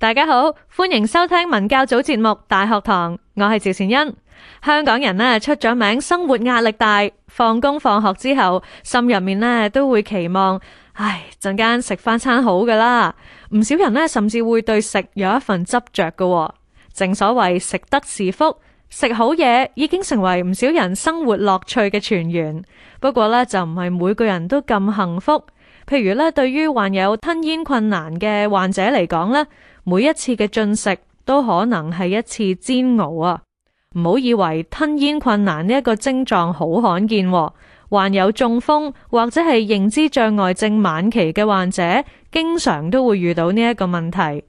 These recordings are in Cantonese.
大家好，歡迎收聽文教組節目《大學堂》，我係趙善恩。香港人呢，出咗名，生活壓力大，放工放學之後，心入面呢都會期望，唉，陣間食翻餐好噶啦。唔少人呢，甚至會對食有一份執着噶。正所謂食得是福，食好嘢已經成為唔少人生活樂趣嘅泉源。不過呢，就唔係每個人都咁幸福。譬如呢，對於患有吞咽困難嘅患者嚟講呢。每一次嘅進食都可能係一次煎熬啊！唔好以為吞嚥困難呢一個症狀好罕見啊，患有中風或者係認知障礙症晚期嘅患者，經常都會遇到呢一個問題。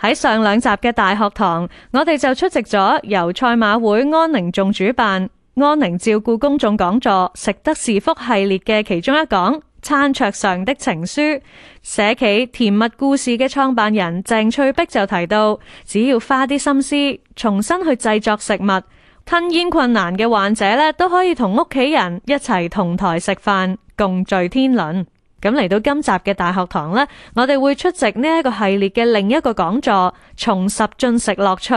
喺上兩集嘅大學堂，我哋就出席咗由賽馬會安寧頌主辦、安寧照顧公眾講座《食得是福》系列嘅其中一講。餐桌上的情書寫起甜蜜故事嘅創辦人鄭翠碧就提到，只要花啲心思重新去製作食物，吞嚥困難嘅患者咧都可以同屋企人一齊同台食飯，共聚天倫。咁嚟到今集嘅大學堂呢，我哋會出席呢一個系列嘅另一個講座，重拾進食樂趣。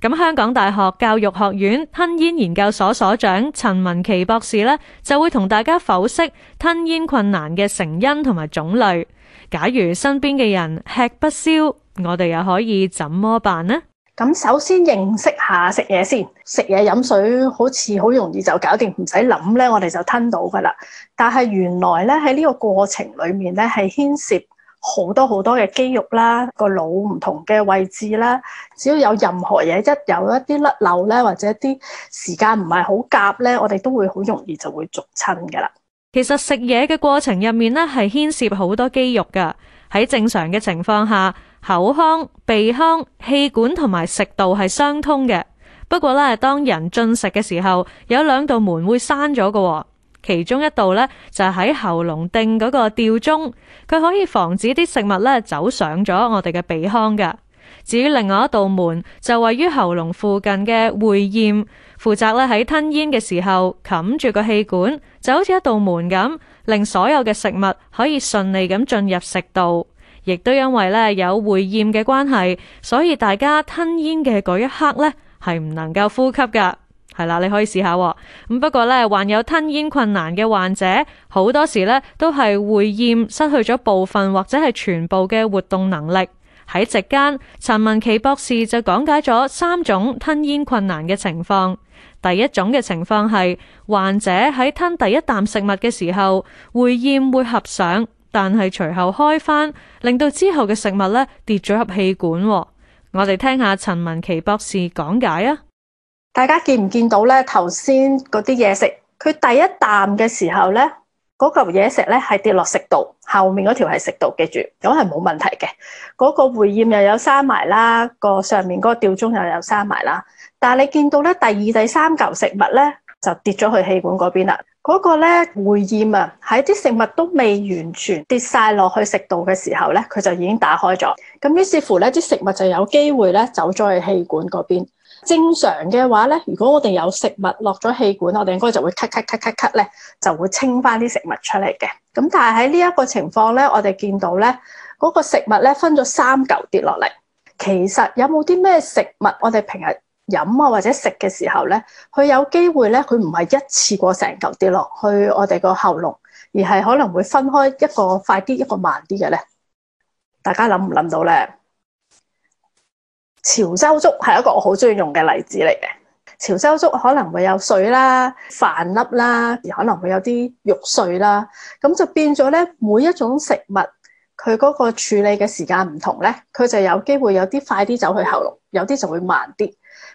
咁香港大學教育學院吞咽研究所所長陳文琪博士呢，就會同大家剖析吞咽困難嘅成因同埋種類。假如身邊嘅人吃不消，我哋又可以怎麼辦呢？咁首先認識下食嘢先，食嘢飲水好似好容易就搞掂，唔使諗咧，我哋就吞到噶啦。但係原來咧，喺呢個過程裡面咧，係牽涉好多好多嘅肌肉啦，個腦唔同嘅位置啦。只要有任何嘢一有一啲甩漏咧，或者啲時間唔係好夾咧，我哋都會好容易就會濁親噶啦。其實食嘢嘅過程入面咧係牽涉好多肌肉噶，喺正常嘅情況下。口腔、鼻腔、氣管同埋食道係相通嘅。不過咧，當人進食嘅時候，有兩道門會閂咗嘅。其中一道咧就係喺喉嚨頂嗰個吊鐘，佢可以防止啲食物咧走上咗我哋嘅鼻腔嘅。至於另外一道門，就位於喉嚨附近嘅會厭，負責咧喺吞嚥嘅時候冚住個氣管，就好似一道門咁，令所有嘅食物可以順利咁進入食道。亦都因為咧有會厭嘅關係，所以大家吞嚥嘅嗰一刻呢係唔能夠呼吸噶，係啦，你可以試下。咁不過呢，患有吞嚥困難嘅患者好多時呢都係會厭失去咗部分或者係全部嘅活動能力。喺席間，陳文琪博士就講解咗三種吞嚥困難嘅情況。第一種嘅情況係患者喺吞第一啖食物嘅時候，會厭會合上。但係隨後開翻，令到之後嘅食物咧跌咗入氣管。我哋聽下陳文琪博士講解啊！大家見唔見到咧？頭先嗰啲嘢食，佢第一啖嘅時候咧，嗰嚿嘢食咧係跌落食道後面，嗰條係食道，記住咁係冇問題嘅。嗰個會厭又有閂埋啦，個上面嗰個吊鐘又有閂埋啦。但係你見到咧，第二、第三嚿食物咧就跌咗去氣管嗰邊啦。嗰個咧會厭啊，喺啲食物都未完全跌晒落去食道嘅時候咧，佢就已經打開咗。咁於是乎咧，啲食物就有機會咧走咗去氣管嗰邊。正常嘅話咧，如果我哋有食物落咗氣管，我哋應該就會咳咳咳咳咳咧，就會清返啲食物出嚟嘅。咁但係喺呢一個情況咧，我哋見到咧嗰個食物咧分咗三嚿跌落嚟。其實有冇啲咩食物我哋平日，飲啊或者食嘅時候咧，佢有機會咧，佢唔係一次過成嚿跌落去我哋個喉嚨，而係可能會分開一個快啲一個慢啲嘅咧。大家諗唔諗到咧？潮州粥係一個我好鍾意用嘅例子嚟嘅。潮州粥可能會有水啦、飯粒啦，而可能會有啲肉碎啦，咁就變咗咧。每一種食物佢嗰個處理嘅時間唔同咧，佢就有機會有啲快啲走去喉嚨，有啲就會慢啲。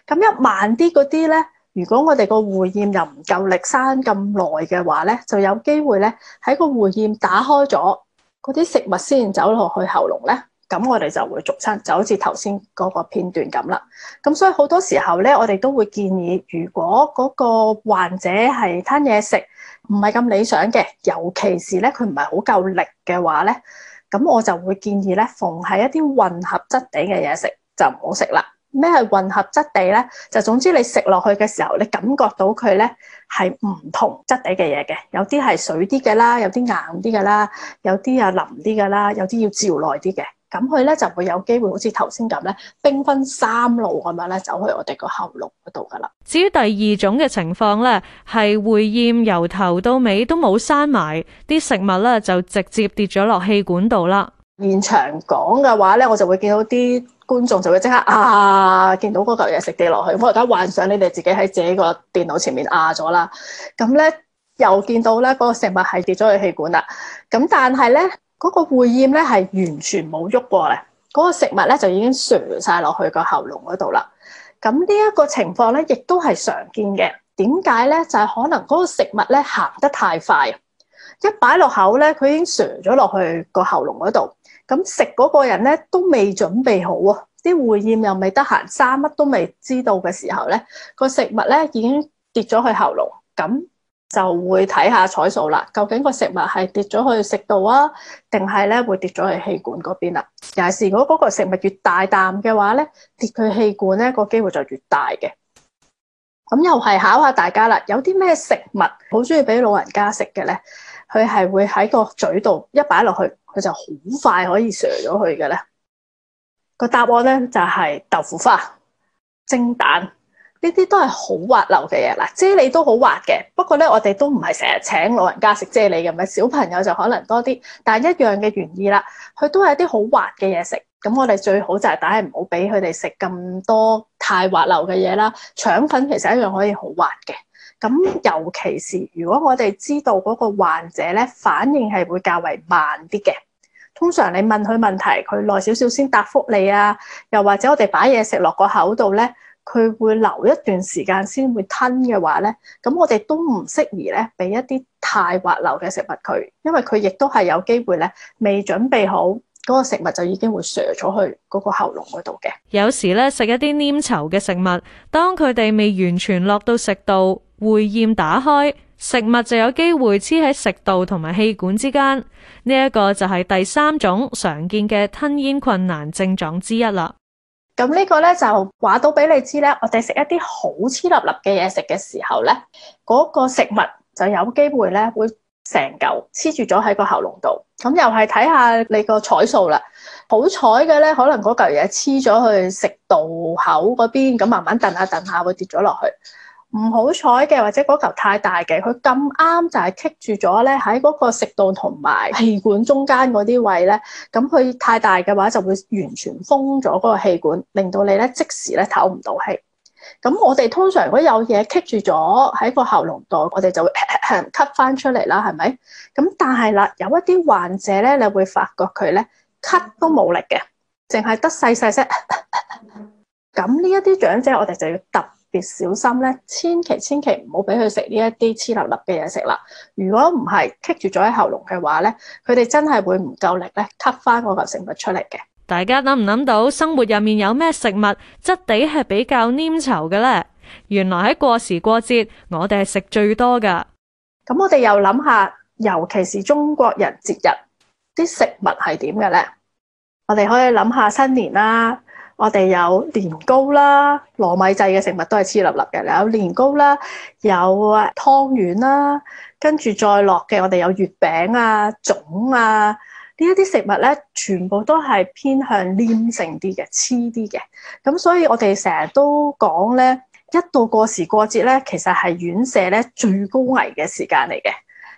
咁一慢啲嗰啲咧，如果我哋個會厭又唔夠力，生咁耐嘅話咧，就有機會咧，喺個會厭打開咗，嗰啲食物先走落去喉嚨咧，咁我哋就會燭親，就好似頭先嗰個片段咁啦。咁所以好多時候咧，我哋都會建議，如果嗰個患者係吞嘢食唔係咁理想嘅，尤其是咧佢唔係好夠力嘅話咧，咁我就會建議咧，逢係一啲混合質地嘅嘢食就唔好食啦。咩係混合質地咧？就總之你食落去嘅時候，你感覺到佢咧係唔同質地嘅嘢嘅，有啲係水啲嘅啦，有啲硬啲嘅啦，有啲啊腍啲嘅啦，有啲要嚼耐啲嘅。咁佢咧就會有機會好似頭先咁咧，兵分三路咁樣咧，走去我哋個喉嚨嗰度噶啦。至於第二種嘅情況咧，係會厭由頭到尾都冇閂埋啲食物咧，就直接跌咗落氣管度啦。現場講嘅話咧，我就會見到啲。觀眾就會即刻啊，見到嗰嚿嘢食跌落去。我而家幻想你哋自己喺自己個電腦前面壓咗啦。咁咧又見到咧嗰、那個食物係跌咗去氣管啦。咁但係咧嗰個會厭咧係完全冇喐過咧。嗰、那個食物咧就已經瀡晒落去個喉嚨嗰度啦。咁呢一個情況咧亦都係常見嘅。點解咧？就係、是、可能嗰個食物咧行得太快，一擺落口咧佢已經瀡咗落去個喉嚨嗰度。咁食嗰個人咧都未準備好喎，啲會宴又未得閒，衫乜都未知道嘅時候咧，個食物咧已經跌咗去喉嚨，咁就會睇下彩數啦。究竟個食物係跌咗去食道啊，定係咧會跌咗去氣管嗰邊啊？係啊，如果嗰個食物越大啖嘅話咧，跌去氣管咧個機會就越大嘅。咁又係考下大家啦，有啲咩食物好鍾意俾老人家食嘅咧？佢係會喺個嘴度一擺落去，佢就好快可以嚼咗佢嘅咧。個答案咧就係、是、豆腐花、蒸蛋呢啲都係好滑溜嘅嘢啦。啫喱都好滑嘅，不過咧我哋都唔係成日請老人家食啫喱嘅，咪小朋友就可能多啲。但係一樣嘅原意啦，佢都係一啲好滑嘅嘢食。咁我哋最好就係，但係唔好俾佢哋食咁多太滑溜嘅嘢啦。腸粉其實一樣可以好滑嘅。咁尤其是如果我哋知道嗰個患者咧反應係會較為慢啲嘅，通常你問佢問題，佢耐少少先答覆你啊，又或者我哋把嘢食落個口度咧，佢會留一段時間先會吞嘅話咧，咁我哋都唔適宜咧俾一啲太滑溜嘅食物佢，因為佢亦都係有機會咧未準備好。嗰個食物就已經會削咗去嗰個喉嚨嗰度嘅。有時咧食一啲黏稠嘅食物，當佢哋未完全落到食道，會厭打開，食物就有機會黐喺食道同埋氣管之間。呢、這、一個就係第三種常見嘅吞嚥困難症狀之一啦。咁呢個咧就話到俾你知咧，我哋食一啲好黐笠笠嘅嘢食嘅時候咧，嗰、那個食物就有機會咧會。成嚿黐住咗喺個喉嚨度，咁又係睇下你個彩數啦。好彩嘅咧，可能嗰嚿嘢黐咗去食道口嗰邊，咁慢慢掟下掟下會跌咗落去。唔好彩嘅，或者嗰嚿太大嘅，佢咁啱就係棘住咗咧喺嗰個食道同埋氣管中間嗰啲位咧，咁佢太大嘅話就會完全封咗嗰個氣管，令到你咧即時咧唞唔到氣。咁我哋通常如果有嘢棘住咗喺個喉嚨度，我哋就會咳咳咳咳翻出嚟啦，係咪？咁但係啦，有一啲患者咧，你會發覺佢咧咳都冇力嘅，淨係得細細聲。咁呢一啲長者，我哋就要特別小心咧，千祈千祈唔好俾佢食呢一啲黐立立嘅嘢食啦。如果唔係棘住咗喺喉嚨嘅話咧，佢哋真係會唔夠力咧，咳翻嗰嚿食物出嚟嘅。大家諗唔諗到生活入面有咩食物質地係比較黏稠嘅咧？原來喺過時過節，我哋係食最多噶。咁我哋又諗下，尤其是中國人節日啲食物係點嘅咧？我哋可以諗下新年啦，我哋有年糕啦，糯米製嘅食物都係黐粒粒嘅，有年糕啦，有湯圓啦，跟住再落嘅我哋有月餅啊、粽啊。呢一啲食物咧，全部都係偏向黏性啲嘅、黐啲嘅，咁所以我哋成日都講咧，一到過時過節咧，其實係院舍咧最高危嘅時間嚟嘅，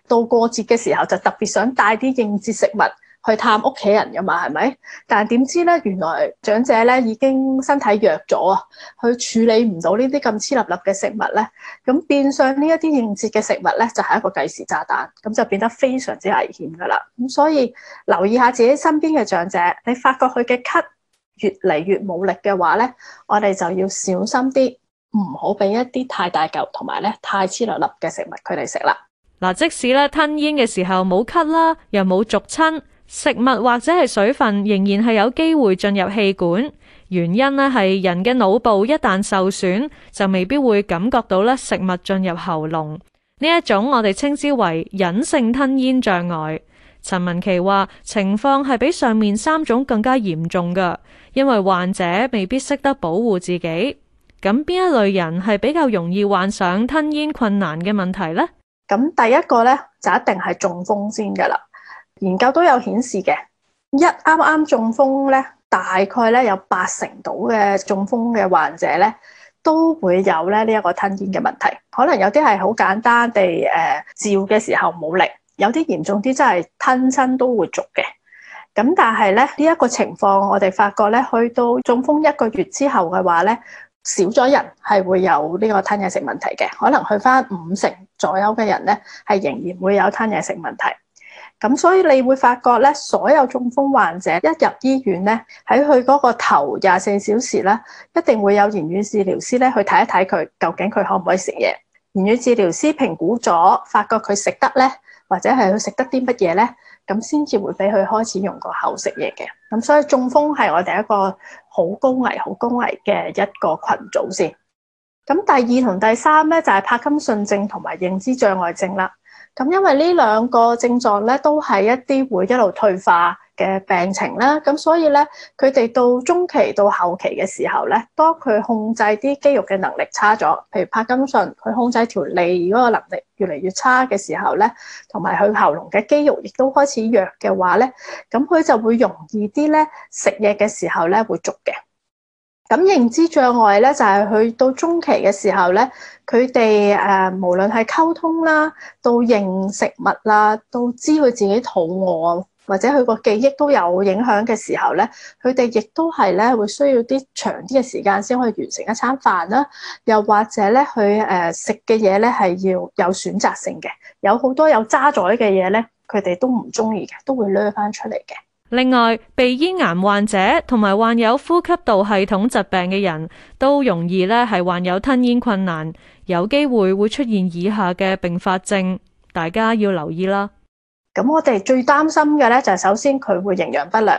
到過節嘅時候就特別想帶啲應節食物。去探屋企人噶嘛，係咪？但點知咧，原來長者咧已經身體弱咗啊，佢處理唔到呢啲咁黐立立嘅食物咧，咁變相呢一啲應節嘅食物咧就係一個計時炸彈，咁就變得非常之危險噶啦。咁所以留意下自己身邊嘅長者，你發覺佢嘅咳越嚟越冇力嘅話咧，我哋就要小心啲，唔好俾一啲太大嚿同埋咧太黐立立嘅食物佢哋食啦。嗱，即使咧吞嚥嘅時候冇咳啦，又冇濁親。食物或者係水分仍然係有機會進入氣管，原因呢係人嘅腦部一旦受損就未必會感覺到咧食物進入喉嚨，呢一種我哋稱之為隱性吞嚥障礙。陳文琪話情況係比上面三種更加嚴重噶因為患者未必識得保護自己。咁邊一類人係比較容易患上吞嚥困難嘅問題呢？咁第一個呢就一定係中風先噶啦。研究都有顯示嘅，一啱啱中風咧，大概咧有八成度嘅中風嘅患者咧，都會有咧呢一個吞嚥嘅問題。可能有啲係好簡單地誒、呃、照嘅時候冇力，有啲嚴重啲真係吞親都會濁嘅。咁但係咧呢一、這個情況，我哋發覺咧，去到中風一個月之後嘅話咧，少咗人係會有呢個吞嘢食問題嘅。可能去返五成左右嘅人咧，係仍然會有吞嘢食問題。咁所以你會發覺咧，所有中風患者一入醫院咧，喺佢嗰個頭廿四小時咧，一定會有言語治療師咧去睇一睇佢究竟佢可唔可以食嘢。言語治療師評估咗，發覺佢食得咧，或者係佢食得啲乜嘢咧，咁先至會俾佢開始用個口食嘢嘅。咁所以中風係我哋一個好高危、好高危嘅一個群組先。咁第二同第三咧就係、是、帕金遜症同埋認知障礙症啦。咁因為呢兩個症狀咧，都係一啲會一路退化嘅病情啦。咁所以咧佢哋到中期到後期嘅時候咧，當佢控制啲肌肉嘅能力差咗，譬如帕金遜佢控制條脷嗰個能力越嚟越差嘅時候咧，同埋佢喉嚨嘅肌肉亦都開始弱嘅話咧，咁佢就會容易啲咧食嘢嘅時候咧會濁嘅。咁認知障礙咧，就係去到中期嘅時候咧，佢哋誒無論係溝通啦，到認食物啦，到知佢自己肚餓或者佢個記憶都有影響嘅時候咧，佢哋亦都係咧會需要啲長啲嘅時間先可以完成一餐飯啦。又或者咧，佢誒食嘅嘢咧係要有選擇性嘅，有好多有渣滓嘅嘢咧，佢哋都唔中意嘅，都會掠翻出嚟嘅。另外，鼻咽癌患者同埋患有呼吸道系統疾病嘅人都容易呢係患有吞嚥困難，有機會會出現以下嘅併發症，大家要留意啦。咁我哋最擔心嘅呢，就係首先佢會營養不良。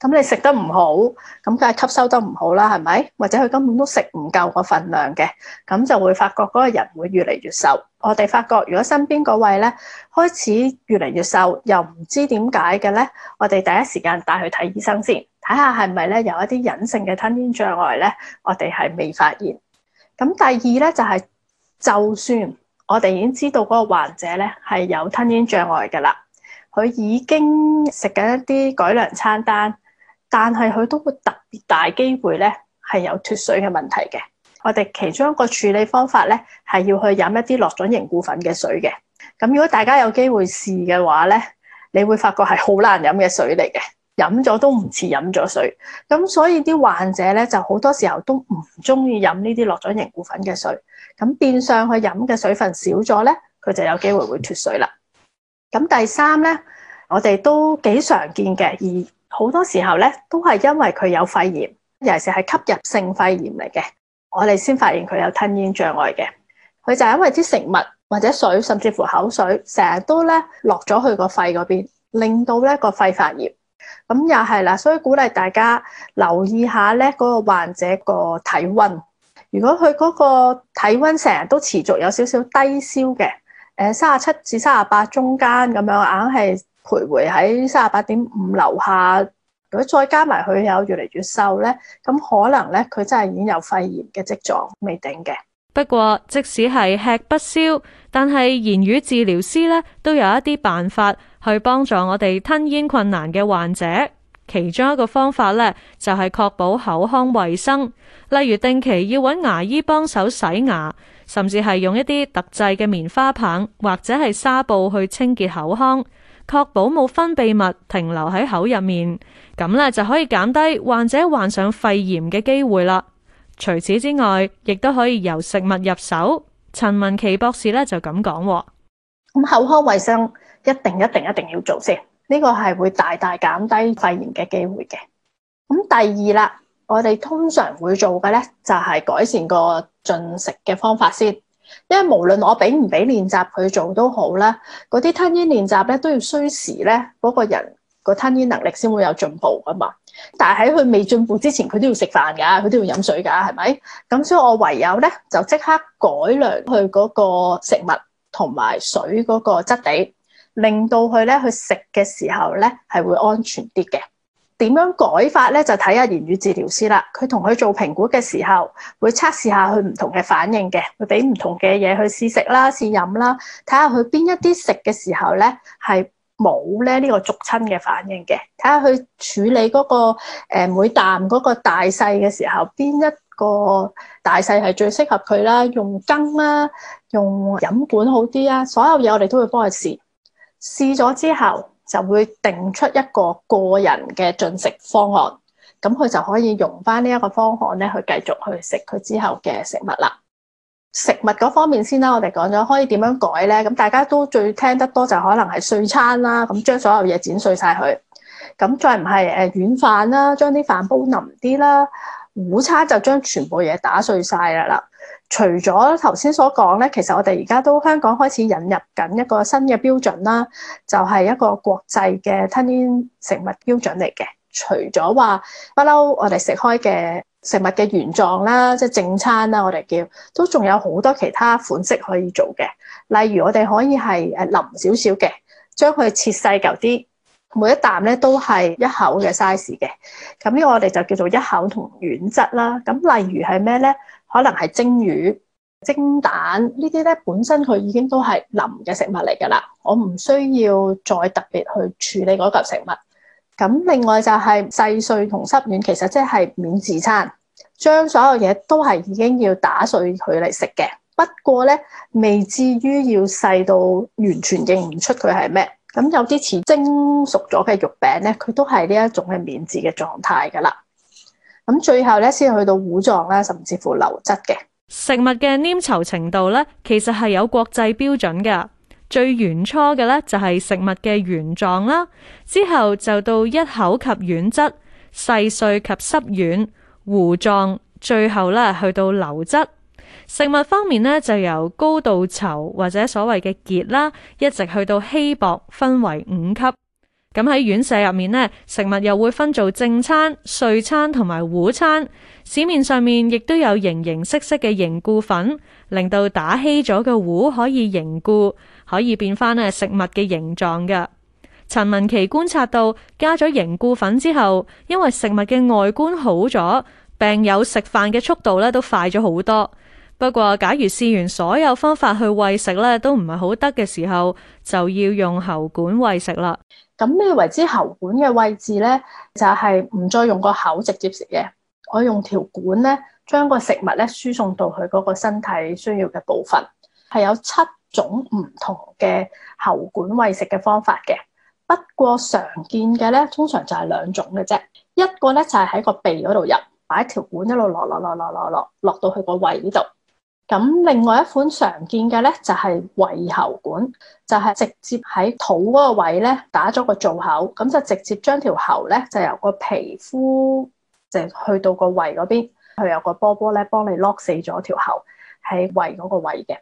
咁你食得唔好，咁梗係吸收得唔好啦，係咪？或者佢根本都食唔夠個份量嘅，咁就會發覺嗰個人會越嚟越瘦。我哋發覺如果身邊嗰位咧開始越嚟越瘦，又唔知點解嘅咧，我哋第一時間帶佢去睇醫生先，睇下係咪咧有一啲隱性嘅吞嚥障礙咧，我哋係未發現。咁第二咧就係、是，就算我哋已經知道嗰個患者咧係有吞嚥障礙噶啦，佢已經食緊一啲改良餐單。但係佢都會特別大機會咧，係有脫水嘅問題嘅。我哋其中一個處理方法咧，係要去飲一啲落咗凝固粉嘅水嘅。咁如果大家有機會試嘅話咧，你會發覺係好難飲嘅水嚟嘅，飲咗都唔似飲咗水。咁所以啲患者咧就好多時候都唔中意飲呢啲落咗凝固粉嘅水。咁變相佢飲嘅水分少咗咧，佢就有機會會脫水啦。咁第三咧，我哋都幾常見嘅而。好多時候咧，都係因為佢有肺炎，尤其是係吸入性肺炎嚟嘅，我哋先發現佢有吞嚥障礙嘅。佢就係因為啲食物或者水，甚至乎口水，成日都咧落咗去個肺嗰邊，令到咧個肺發炎。咁又係啦，所以鼓勵大家留意下咧嗰、嗰個患者個體溫。如果佢嗰個體溫成日都持續有少少低燒嘅，誒、呃，三十七至三十八中間咁樣，硬係。徘徊喺三十八點五樓下，如果再加埋佢有越嚟越瘦咧，咁可能咧佢真係已經有肺炎嘅跡象未定嘅。不過，即使係吃不消，但係言語治療師咧都有一啲辦法去幫助我哋吞嚥困難嘅患者。其中一個方法咧就係確保口腔衛生，例如定期要揾牙醫幫手洗牙，甚至係用一啲特製嘅棉花棒或者係紗布去清潔口腔。確保冇分泌物停留喺口入面，咁咧就可以減低患者患上肺炎嘅機會啦。除此之外，亦都可以由食物入手。陳文琪博士咧就咁講，咁口腔衛生一定一定一定要做先，呢個係會大大減低肺炎嘅機會嘅。咁第二啦，我哋通常會做嘅咧就係改善個進食嘅方法先。因為無論我俾唔俾練習佢做都好啦，嗰啲吞嚥練習呢，都要需時呢，嗰個人個吞嚥能力先會有進步㗎嘛。但係喺佢未進步之前，佢都要食飯㗎，佢都要飲水㗎，係咪？咁所以我唯有呢，就即刻改良佢嗰個食物同埋水嗰個質地，令到佢呢，去食嘅時候呢，係會安全啲嘅。點樣改法咧？就睇下言語治療師啦。佢同佢做評估嘅時候，會測試下佢唔同嘅反應嘅，會俾唔同嘅嘢去試食啦、試飲啦，睇下佢邊一啲食嘅時候咧係冇咧呢個觸親嘅反應嘅。睇下佢處理嗰個、呃、每啖嗰個大細嘅時候，邊一個大細係最適合佢啦？用羹啦、啊，用飲管好啲啊！所有嘢我哋都會幫佢試。試咗之後，就會定出一個個人嘅進食方案，咁佢就可以用翻呢一個方案咧去繼續去食佢之後嘅食物啦。食物嗰方面先啦，我哋講咗可以點樣改咧？咁大家都最聽得多就可能係碎餐啦，咁將所有嘢剪碎晒佢。咁再唔係誒軟飯啦，將啲飯煲腍啲啦，糊餐就將全部嘢打碎晒啦。除咗頭先所講咧，其實我哋而家都香港開始引入緊一個新嘅標準啦，就係一個國際嘅吞嚥食物標準嚟嘅。除咗話不嬲，我哋食開嘅食物嘅原狀啦，即係正餐啦，我哋叫都仲有好多其他款式可以做嘅。例如我哋可以係誒腍少少嘅，將佢切細嚿啲，每一啖咧都係一口嘅 size 嘅。咁呢個我哋就叫做一口同軟質啦。咁例如係咩咧？可能係蒸魚、蒸蛋呢啲咧，本身佢已經都係腍嘅食物嚟噶啦，我唔需要再特別去處理嗰嚿食物。咁另外就係細碎同濕軟，其實即係免治餐，將所有嘢都係已經要打碎佢嚟食嘅。不過咧，未至於要細到完全認唔出佢係咩。咁有啲似蒸熟咗嘅肉餅咧，佢都係呢一種係免治嘅狀態噶啦。咁最後呢先去到糊狀啦，甚至乎流質嘅食物嘅粘稠程度呢，其實係有國際標準嘅。最原初嘅呢就係食物嘅原狀啦，之後就到一口及軟質、細碎及濕軟、糊狀，最後呢去到流質。食物方面呢就由高度稠或者所謂嘅結啦，一直去到稀薄，分為五級。咁喺院舍入面呢，食物又會分做正餐、碎餐同埋糊餐。市面上面亦都有形形色色嘅凝固粉，令到打稀咗嘅糊可以凝固，可以變翻咧食物嘅形狀嘅。陳文琪觀察到，加咗凝固粉之後，因為食物嘅外觀好咗，病友食飯嘅速度咧都快咗好多。不過，假如試完所有方法去餵食咧，都唔係好得嘅時候，就要用喉管餵食啦。咁咧，為之喉管嘅位置咧，就係唔再用個口直接食嘢，我用條管咧，將個食物咧輸送到去嗰個身體需要嘅部分，係有七種唔同嘅喉管餵食嘅方法嘅。不過常見嘅咧，通常就係兩種嘅啫，一個咧就係喺個鼻嗰度入，擺條管一路落落落落落落落到去個胃呢度。咁另外一款常見嘅咧，就係、是、胃喉管，就係、是、直接喺肚嗰個位咧打咗個造口，咁就直接將條喉咧就由個皮膚就去到個胃嗰邊，佢有個波波咧幫你 lock 死咗條喉喺胃嗰個位嘅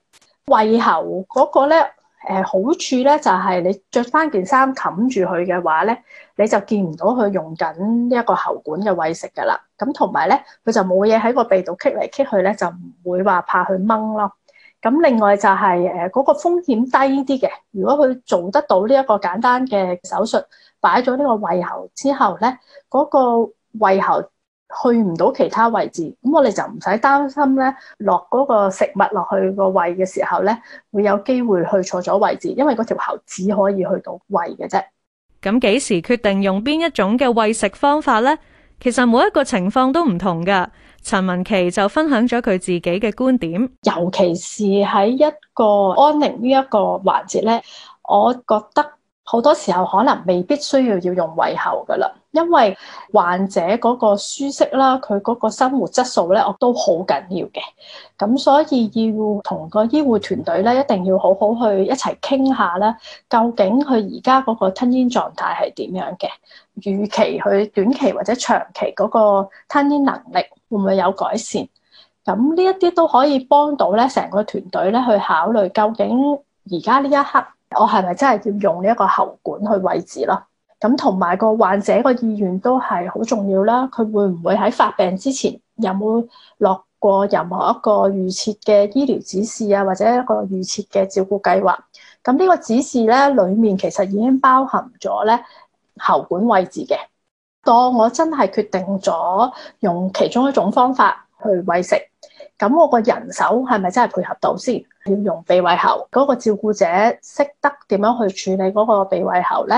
胃喉嗰個咧。誒、呃，好處咧就係、是、你着翻件衫冚住佢嘅話咧，你就見唔到佢用緊呢一個喉管嘅喂食噶啦。咁同埋咧，佢就冇嘢喺個鼻度棘嚟棘去咧，就唔會話怕佢掹咯。咁另外就係誒嗰個風險低啲嘅。如果佢做得到呢一個簡單嘅手術，擺咗呢個胃喉之後咧，嗰、那個胃喉。去唔到其他位置，咁我哋就唔使擔心咧，落嗰個食物落去個胃嘅時候咧，會有機會去錯咗位置，因為嗰條喉只可以去到胃嘅啫。咁幾時決定用邊一種嘅喂食方法咧？其實每一個情況都唔同噶。陳文琪就分享咗佢自己嘅觀點，尤其是喺一個安寧呢一個環節咧，我覺得。好多時候可能未必需要要用胃喉㗎喇，因為患者嗰個舒適啦，佢嗰個生活質素咧，我都好緊要嘅。咁所以要同個醫護團隊咧，一定要好好去一齊傾下咧，究竟佢而家嗰個吞咽狀態係點樣嘅？預期佢短期或者長期嗰個吞咽能力會唔會有改善？咁呢一啲都可以幫到咧，成個團隊咧去考慮究竟而家呢一刻。我係咪真係要用呢一個喉管去餵食啦？咁同埋個患者個意願都係好重要啦。佢會唔會喺發病之前有冇落過任何一個預設嘅醫療指示啊，或者一個預設嘅照顧計劃？咁呢個指示咧裏面其實已經包含咗咧喉管餵食嘅。當我真係決定咗用其中一種方法去餵食。咁我個人手係咪真係配合到先？要用鼻胃喉嗰個照顧者識得點樣去處理嗰個鼻胃喉咧？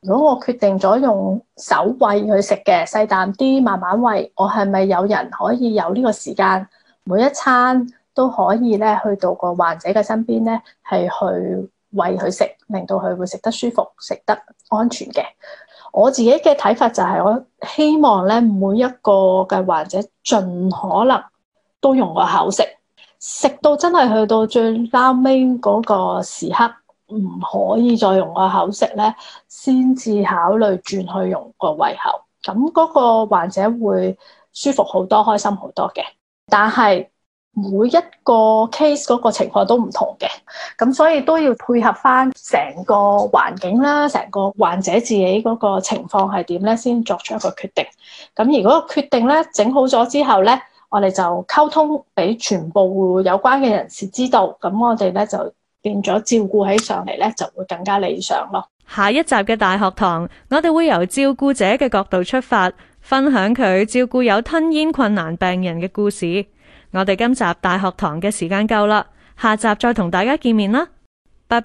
如果我決定咗用手喂佢食嘅細啖啲，慢慢喂，我係咪有人可以有呢個時間，每一餐都可以咧去到個患者嘅身邊咧，係去喂佢食，令到佢會食得舒服、食得安全嘅？我自己嘅睇法就係我希望咧，每一個嘅患者盡可能。都用個口食，食到真係去到最孻尾嗰個時刻，唔可以再用個口食咧，先至考慮轉去用個胃喉，咁嗰個患者會舒服好多，開心好多嘅。但係每一個 case 嗰個情況都唔同嘅，咁所以都要配合翻成個環境啦，成個患者自己嗰個情況係點咧，先作出一個決定。咁而嗰個決定咧，整好咗之後咧。我哋就溝通俾全部有關嘅人士知道，咁我哋呢就變咗照顧起上嚟，呢就會更加理想咯。下一集嘅大學堂，我哋會由照顧者嘅角度出發，分享佢照顧有吞嚥困難病人嘅故事。我哋今集大學堂嘅時間夠啦，下集再同大家見面啦。